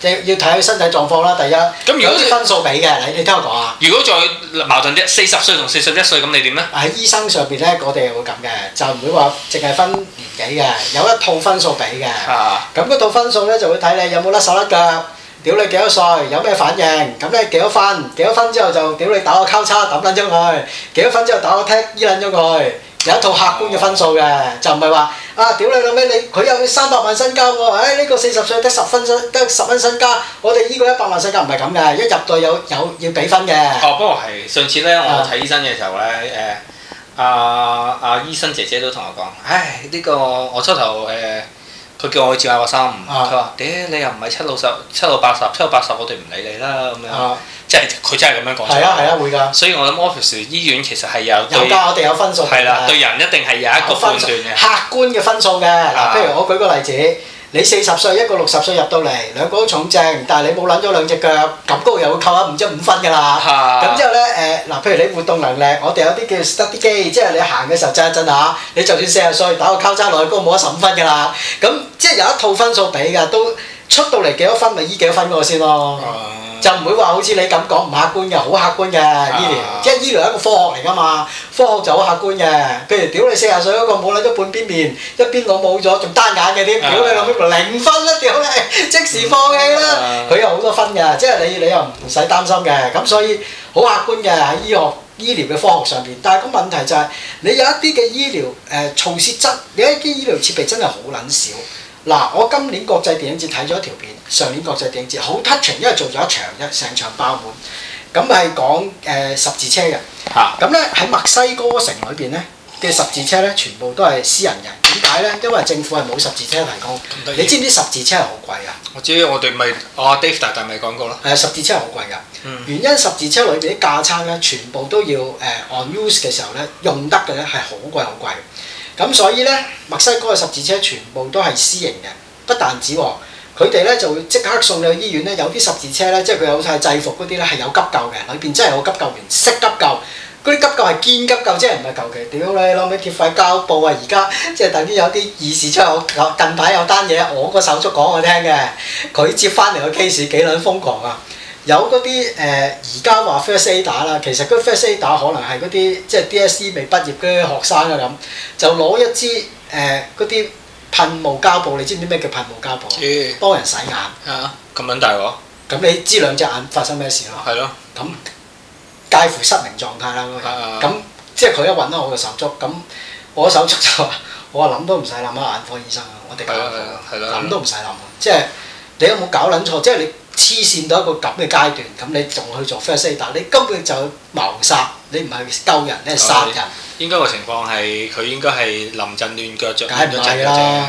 誒要睇佢身體狀況啦。第一咁，如果分數畀嘅，你你聽我講
啊。如果再矛盾啲，四十歲同四十一歲咁，你點咧？喺醫生上邊咧，
我哋會咁嘅，就唔會話淨係分年紀嘅，有一套分數畀嘅。啊！咁嗰套分數咧，就會睇你有冇甩手甩腳。屌你幾多歲？有咩反應？咁咧幾多分？幾多分之後就屌 你打個交叉抌撚咗佢，幾多分之後打個踢依撚咗佢。有一套客觀嘅分數嘅，哦、就唔係話啊屌你老咩」。你佢有三百萬身家喎。呢、哎呢個四十歲得十分身得十分身家，我哋呢個一百萬身家唔係咁嘅，一入到有有要畀分嘅。哦，
不過係上次咧，我睇醫生嘅時候咧，誒阿阿醫生姐姐都同我講，唉呢、呢個我出頭誒。呃佢叫我去照下個心，佢話，屌你又唔係七老八十、七老八十、七老八十，我哋唔理你啦，咁樣。即係佢真係咁樣講。係啊係啊，會㗎。所以我諗 office 醫院其實係有有教我哋有分數嘅。係啦、啊，對人一定係有一個有判斷嘅。
客觀嘅分數嘅，譬、啊、如我舉個例子。你四十歲，一個六十歲入到嚟，兩個都重症，但係你冇攬咗兩隻腳咁高，又會扣下唔止五分㗎啦。咁、啊、之後咧，誒、呃、嗱，譬如你活動能力，我哋有啲叫得啲機，即係你行嘅時候震一震吓。你就算四十歲打個交叉落去高，冇得十五分㗎啦。咁即係有一套分數俾㗎，都出到嚟幾多分咪依幾多分嗰先咯。啊就唔會話好似你咁講唔客觀嘅，好客觀嘅是、啊、醫療，即係醫療係一個科學嚟㗎嘛，科學就好客觀嘅。譬如屌你四十歲嗰、那個冇撚咗半邊面，一邊攞冇咗，仲單眼嘅添，屌是、啊、你老母零分啦、啊，屌你是、啊、 即時放棄啦，佢是、啊、有好多分嘅，即係你你，你又唔使擔心嘅，咁所以好客觀嘅喺醫學醫療嘅科學上邊。但係個問題就係、是、你有一啲嘅醫療誒措施質，有一啲醫療設備真係好撚少。嗱，我今年國際電影節睇咗一條片。上年國際電影節好 touching，因為做咗一場嘅成場爆滿，咁係講誒、呃、十字車嘅，咁咧喺墨西哥城裏邊咧嘅十字車咧全部都係私人嘅，點解咧？因為政府係冇十字車提供，你知唔知十
字車係好貴啊？我知，我哋咪啊 Dave 大大咪講過咯。係啊，十字車係好貴㗎，原
因十字車裏邊啲架撐咧，全部都要誒 on use 嘅時候咧用得嘅咧係好貴好貴，咁所以咧墨西哥嘅十字車全部都係私營嘅，不但止。佢哋咧就會即刻送你去醫院咧，有啲十字車咧，即係佢有晒制服嗰啲咧係有急救嘅，裏邊真係有急救員識急救。嗰啲急救係堅急救，即係唔係求其屌你，攞咩貼塊膠布啊？而家即係等於有啲異事出嚟。我近排有單嘢，我個手足講我聽嘅，佢接翻嚟個 case 幾撚瘋狂啊！有嗰啲誒，而家話 first aid 啦，其實嗰 first aid 可能係嗰啲即係 DSE 未畢業嘅啲學生啊咁，就攞一支誒嗰啲。呃噴霧膠布，你知唔知咩叫噴霧膠布啊？耶幫人洗眼。啊，咁撚大喎！咁你知兩隻眼發生咩事咯？係咯的。咁介乎失明狀態啦。咁的即係佢一揾到我嘅手足，咁我手足就話，我話諗都唔使諗啦，眼科醫生啊，我哋眼科，諗都唔使諗。即係你有冇搞撚錯？即係你。黐線到一個咁嘅階段，咁你仲去做 first aid？你根本就謀殺，你唔係救人，你係殺
人。應該個情況係佢應該係臨陣亂腳，著緊咗制啦。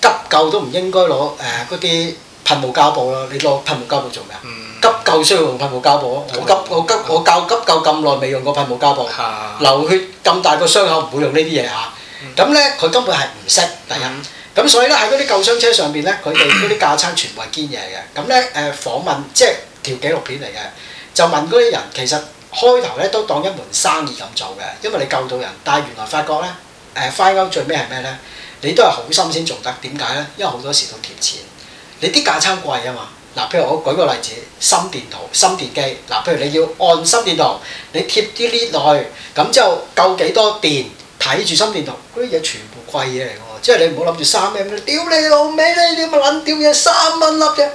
急救都唔應該
攞誒嗰啲噴霧膠布咯，你攞噴霧膠布做咩？急救需要用噴霧膠布咯。我急我急我教急救咁耐未用過噴霧膠布，流血咁大個傷口唔會用呢啲嘢嚇。咁呢，佢根本係唔識第一。咁所以咧喺嗰啲救傷車上邊咧，佢哋嗰啲架撐全部係堅嘢嘅。咁咧誒訪問即係條紀錄片嚟嘅，就問嗰啲人其實開頭咧都當一門生意咁做嘅，因為你救到人。但係原來發覺咧誒 find out 最尾係咩咧？你都係好心先做得。點解咧？因為好多時都貼錢。你啲架撐貴啊嘛。嗱，譬如我舉個例子，心電圖、心電機。嗱，譬如你要按心電圖，你貼啲呢落去，咁之後夠幾多電，睇住心電圖嗰啲嘢全部貴嘢嚟即係你唔好諗住三咩
屌你老味，你
點啊撚屌嘢，三蚊粒啫，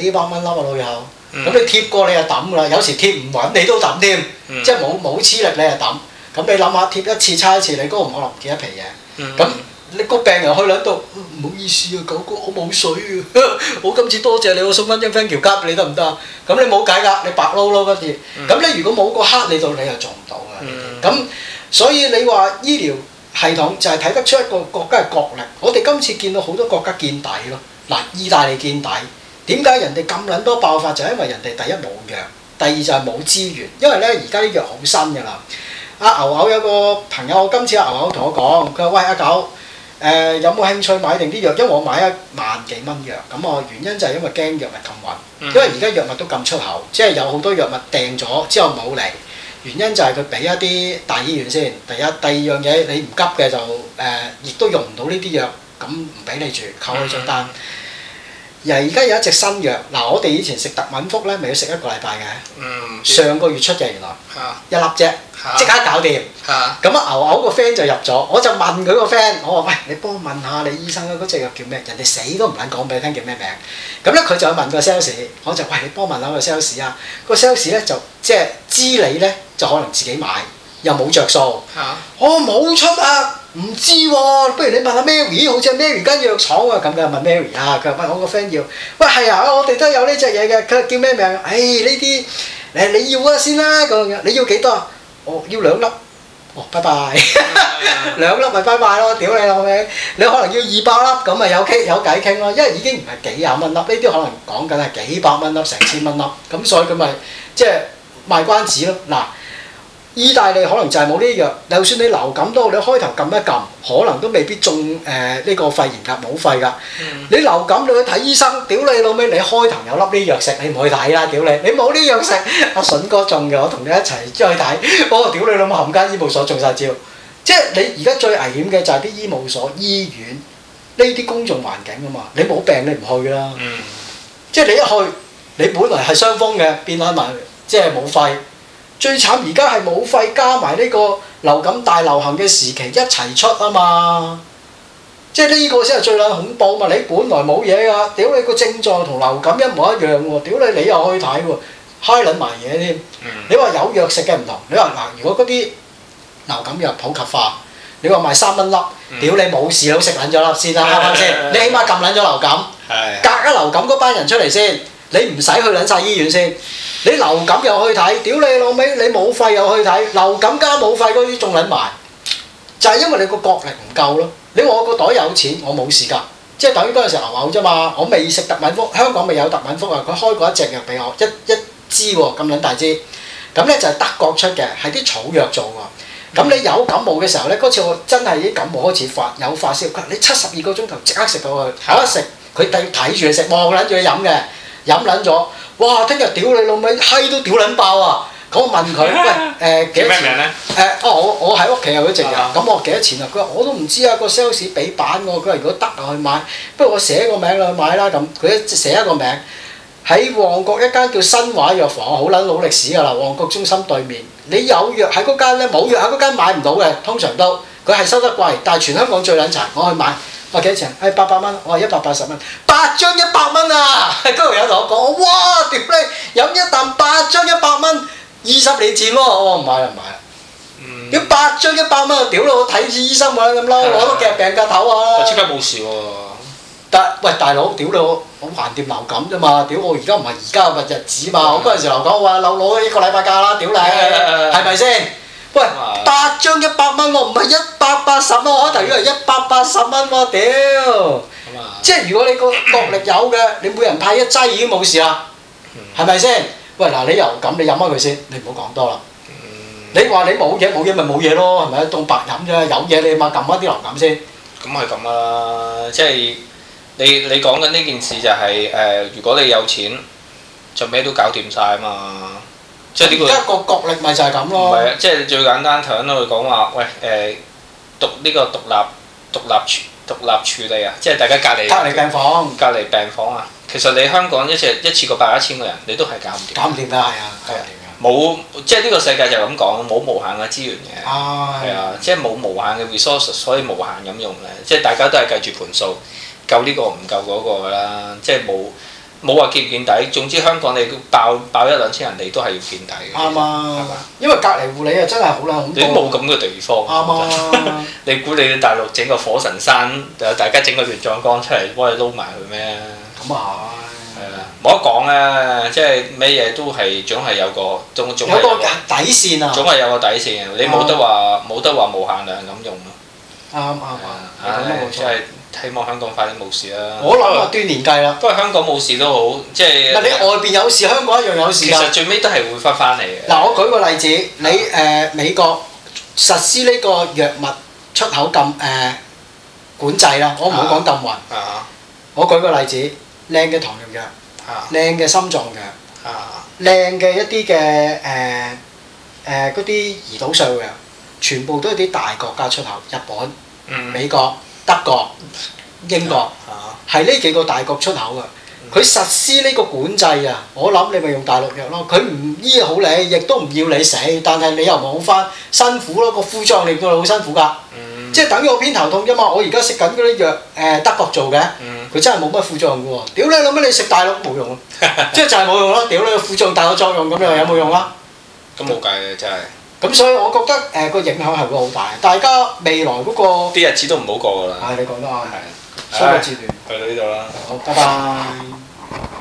幾百蚊粒啊老友，咁、嗯、你貼過你就抌㗎啦，有時貼唔穩你都抌添，嗯、即係冇冇黐力你就抌，咁你諗下貼一次差一次，你都唔可能唔見一皮嘢，咁、嗯、你個病人去兩度，唔好意思啊，哥哥我我冇水啊，呵呵我今次多謝你我送翻張 friend 條卡你得唔得？咁你冇計㗎，你白撈咯跟住，咁你如果冇個黑你，你就到你又做唔到㗎，咁所以你話醫療系統就係睇得出一個國家嘅國力。我哋今次見到好多國家見底咯。嗱，意大利見底，點解人哋咁撚多爆發？就係因為人哋第一冇藥，第二就係冇資源。因為咧，而家啲藥好新㗎啦。阿牛牛有個朋友，我今次阿牛牛同我講，佢話：喂，阿狗，誒、呃、有冇興趣買定啲藥？因為我買一萬幾蚊藥，咁啊，原因就係因為驚藥物禁運，因為而家藥物都禁出口，即係有好多藥物訂咗之後冇嚟。原因就係佢俾一啲大醫院先，第一、第二樣嘢你唔急嘅就誒，亦、呃、都用唔到呢啲藥。咁唔俾你住，扣開咗單。而家有一隻新藥，嗱，我哋以前食特敏福咧，咪要食一個禮拜嘅。嗯。上個月出嘅原來。嚇、啊。一粒啫，即、啊、刻搞掂。嚇、啊。咁啊，牛牛個 friend 就入咗，我就問佢個 friend，我話喂，你幫我問下你醫生咧，嗰隻藥叫咩？人哋死都唔肯講俾你聽叫咩名。咁咧，佢就問個 sales，我就喂，你幫我問下個 sales 啊，個 sales 咧就即係知你咧就可能自己買，又冇着數。嚇。我冇出啊！唔知喎、啊，不如你問下、啊、Mary，好似 Mary 間藥廠啊咁你問 Mary 啊，佢話我個 friend 要，喂係啊，我哋都有呢隻嘢嘅，佢叫咩名？誒呢啲誒你要啊先啦，咁樣你要幾多？我、哦、要兩粒，哦拜拜，兩粒咪拜拜咯，屌你老味， 你可能要二百粒咁咪有傾有偈傾咯，因為已經唔係幾廿蚊粒，呢啲可能講緊係幾百蚊粒成千蚊粒，咁所以佢咪即係賣關子咯，嗱。意大利可能就係冇呢藥，就算你流感都，你開頭撳一撳，可能都未必中誒呢個肺炎甲冇肺㗎。你流感你去睇醫生，屌你老味，你開頭有粒呢藥食，你唔去睇啦，屌你！你冇呢藥食，阿筍哥中嘅，我同你一齊再去睇。哦，屌你老母冚家醫務所中曬招，即係你而家最危險嘅就係啲醫務所、醫院呢啲公眾環境啊嘛，你冇病你唔去㗎啦。即係你一去，你本嚟係傷風嘅，變開埋即係冇肺。最慘而家係冇肺加埋呢個流感大流行嘅時期一齊出啊嘛，即係呢個先係最撚恐怖啊嘛！你本來冇嘢啊，屌你個症狀同流感一模一樣喎，屌你你又去睇喎，開撚埋嘢添！你話、啊啊、有藥食嘅唔同，你話嗱，如果嗰啲流感藥普及化，你話賣三蚊粒，屌你冇事都食撚咗粒先啦，係咪先？你起碼撳撚咗流感，隔一流感嗰班人出嚟先，你唔使去撚晒醫院先。你流感又去睇，屌你老味，你武肺又去睇，流感加武肺嗰啲仲捻埋，就係因為你個國力唔夠咯。你話我個袋有錢，我冇事㗎，即係等於嗰陣時牛牛啫嘛。我未食特敏福，香港未有特敏福啊。佢開過一隻藥俾我，一一支喎咁捻大支，咁呢就係德國出嘅，係啲草藥做喎。咁你有感冒嘅時候呢，嗰次我真係啲感冒開始發，有發燒，佢話你七十二個鐘頭即刻食到佢，一食，佢睇睇住你食，望撚住你飲嘅。飲撚咗，哇！聽日屌你老味，閪都屌撚爆啊！咁我問佢， 喂，誒、呃、幾、呃、 多錢咧？誒，啊我我喺屋企啊，佢直啊。咁我幾多錢啊？佢話我都唔知啊，個 sales 俾版我。佢話如果得啊去買，不如我寫個名去買啦咁。佢一寫一個名，喺旺角一間叫新華藥房，好撚老歷史噶啦，旺角中心對面。你有藥喺嗰間咧，冇藥喺嗰間買唔到嘅，通常都。佢係收得貴，但係全香港最撚齊，我去買。我幾多錢？係八百蚊，我話一百八十蚊。八張一百蚊啊！嗰條友同我講：哇！屌你，飲一啖八張一百蚊？二十你賤咯！我唔買唔買。買買嗯。屌八張一百蚊啊！屌到我睇住醫生咪咁撈，攞多幾日病假頭啊！即刻冇事喎！但喂，大佬，屌到我我橫掂流感啫嘛！屌我而家唔係而家嘅日子嘛！我嗰陣時流感，我話攞攞一個禮拜假啦！屌你，係咪先？喂，是八張一百蚊喎，唔係一百八十蚊喎，頭是以為一百八十蚊喎，屌是！即係如果你個國力有嘅， 你每人派一劑已經冇事啦，係咪先？喂，嗱，你又咁，你飲開佢先，嗯、你唔好講多啦。你話你冇嘢，冇嘢咪冇嘢咯，係咪？當白飲啫，有嘢你咪撳一啲流感先。
咁係咁啦，即係你你講緊呢件事就係、是、誒、呃，如果你有錢，就咩都搞掂晒啊嘛。即而家個
國力咪就係咁咯。唔係啊，
即係最簡單頭先都會講話，喂，誒，獨呢個獨立獨立處獨立處理啊，即係大家隔離隔離病房、隔離病房啊。其實你香港一次一次過百一千個人，你都係搞唔掂。搞唔掂㗎，係啊，係啊，冇，啊，啊即係呢個世界就係咁講，冇無限嘅資源
嘅。係啊，
即係冇無限嘅 resource，可以無限咁用咧。即係大家都係計住盤數，夠呢個唔夠嗰個啦。即係冇。冇話見唔見底，總之香港你爆爆一兩千人，你都係要見底嘅。
啱啊，因為隔離護理啊，真係好難，你都冇
咁嘅地方。啱啊！你估你大陸整個火神山，大家整個亂葬崗出嚟幫你撈埋佢咩？咁啊係。啊，冇得講啊。即係咩嘢都係總係有個，總係有個底線啊。總係有個底線，你冇得話冇得話無限量咁用咯。啱啱啱。係。希望香港快啲冇事啦。我諗過端年計啦。不過香港冇事都好，即係。你外邊有事，香港一樣有事。其實最尾都係會翻翻嚟
嘅。嗱，我舉個例子，啊、你誒、呃、美國實施呢個藥物出口禁誒、呃、管制啦，我唔好講禁運。啊、我舉個例子，靚嘅糖尿藥，靚嘅、啊、心臟藥，靚嘅、啊、一啲嘅誒誒嗰啲胰島素嘅，全部都係啲大國家出口，日本、嗯、美國。德國、英國係呢幾個大國出口嘅，佢實施呢個管制啊！我諗你咪用大陸藥咯，佢唔醫好你，亦都唔要你死，但係你又冇翻辛苦咯，個副作用令到你好辛苦㗎，即係等於我偏頭痛啫嘛！我而家食緊嗰啲藥，誒德國做嘅，佢真係冇乜副作用嘅喎！屌你諗咩？你食大陸冇用，即係就係冇用咯！屌你，副作用大過作用咁又有冇用啦？
咁冇計嘅真係。
咁所以我覺得誒，呃那個影響係會好大，大家
未來嗰嗰個啲日子都唔好過㗎啦。係、啊、你講得啱，係。
的所以節
段去到呢度啦。好，拜拜。拜拜。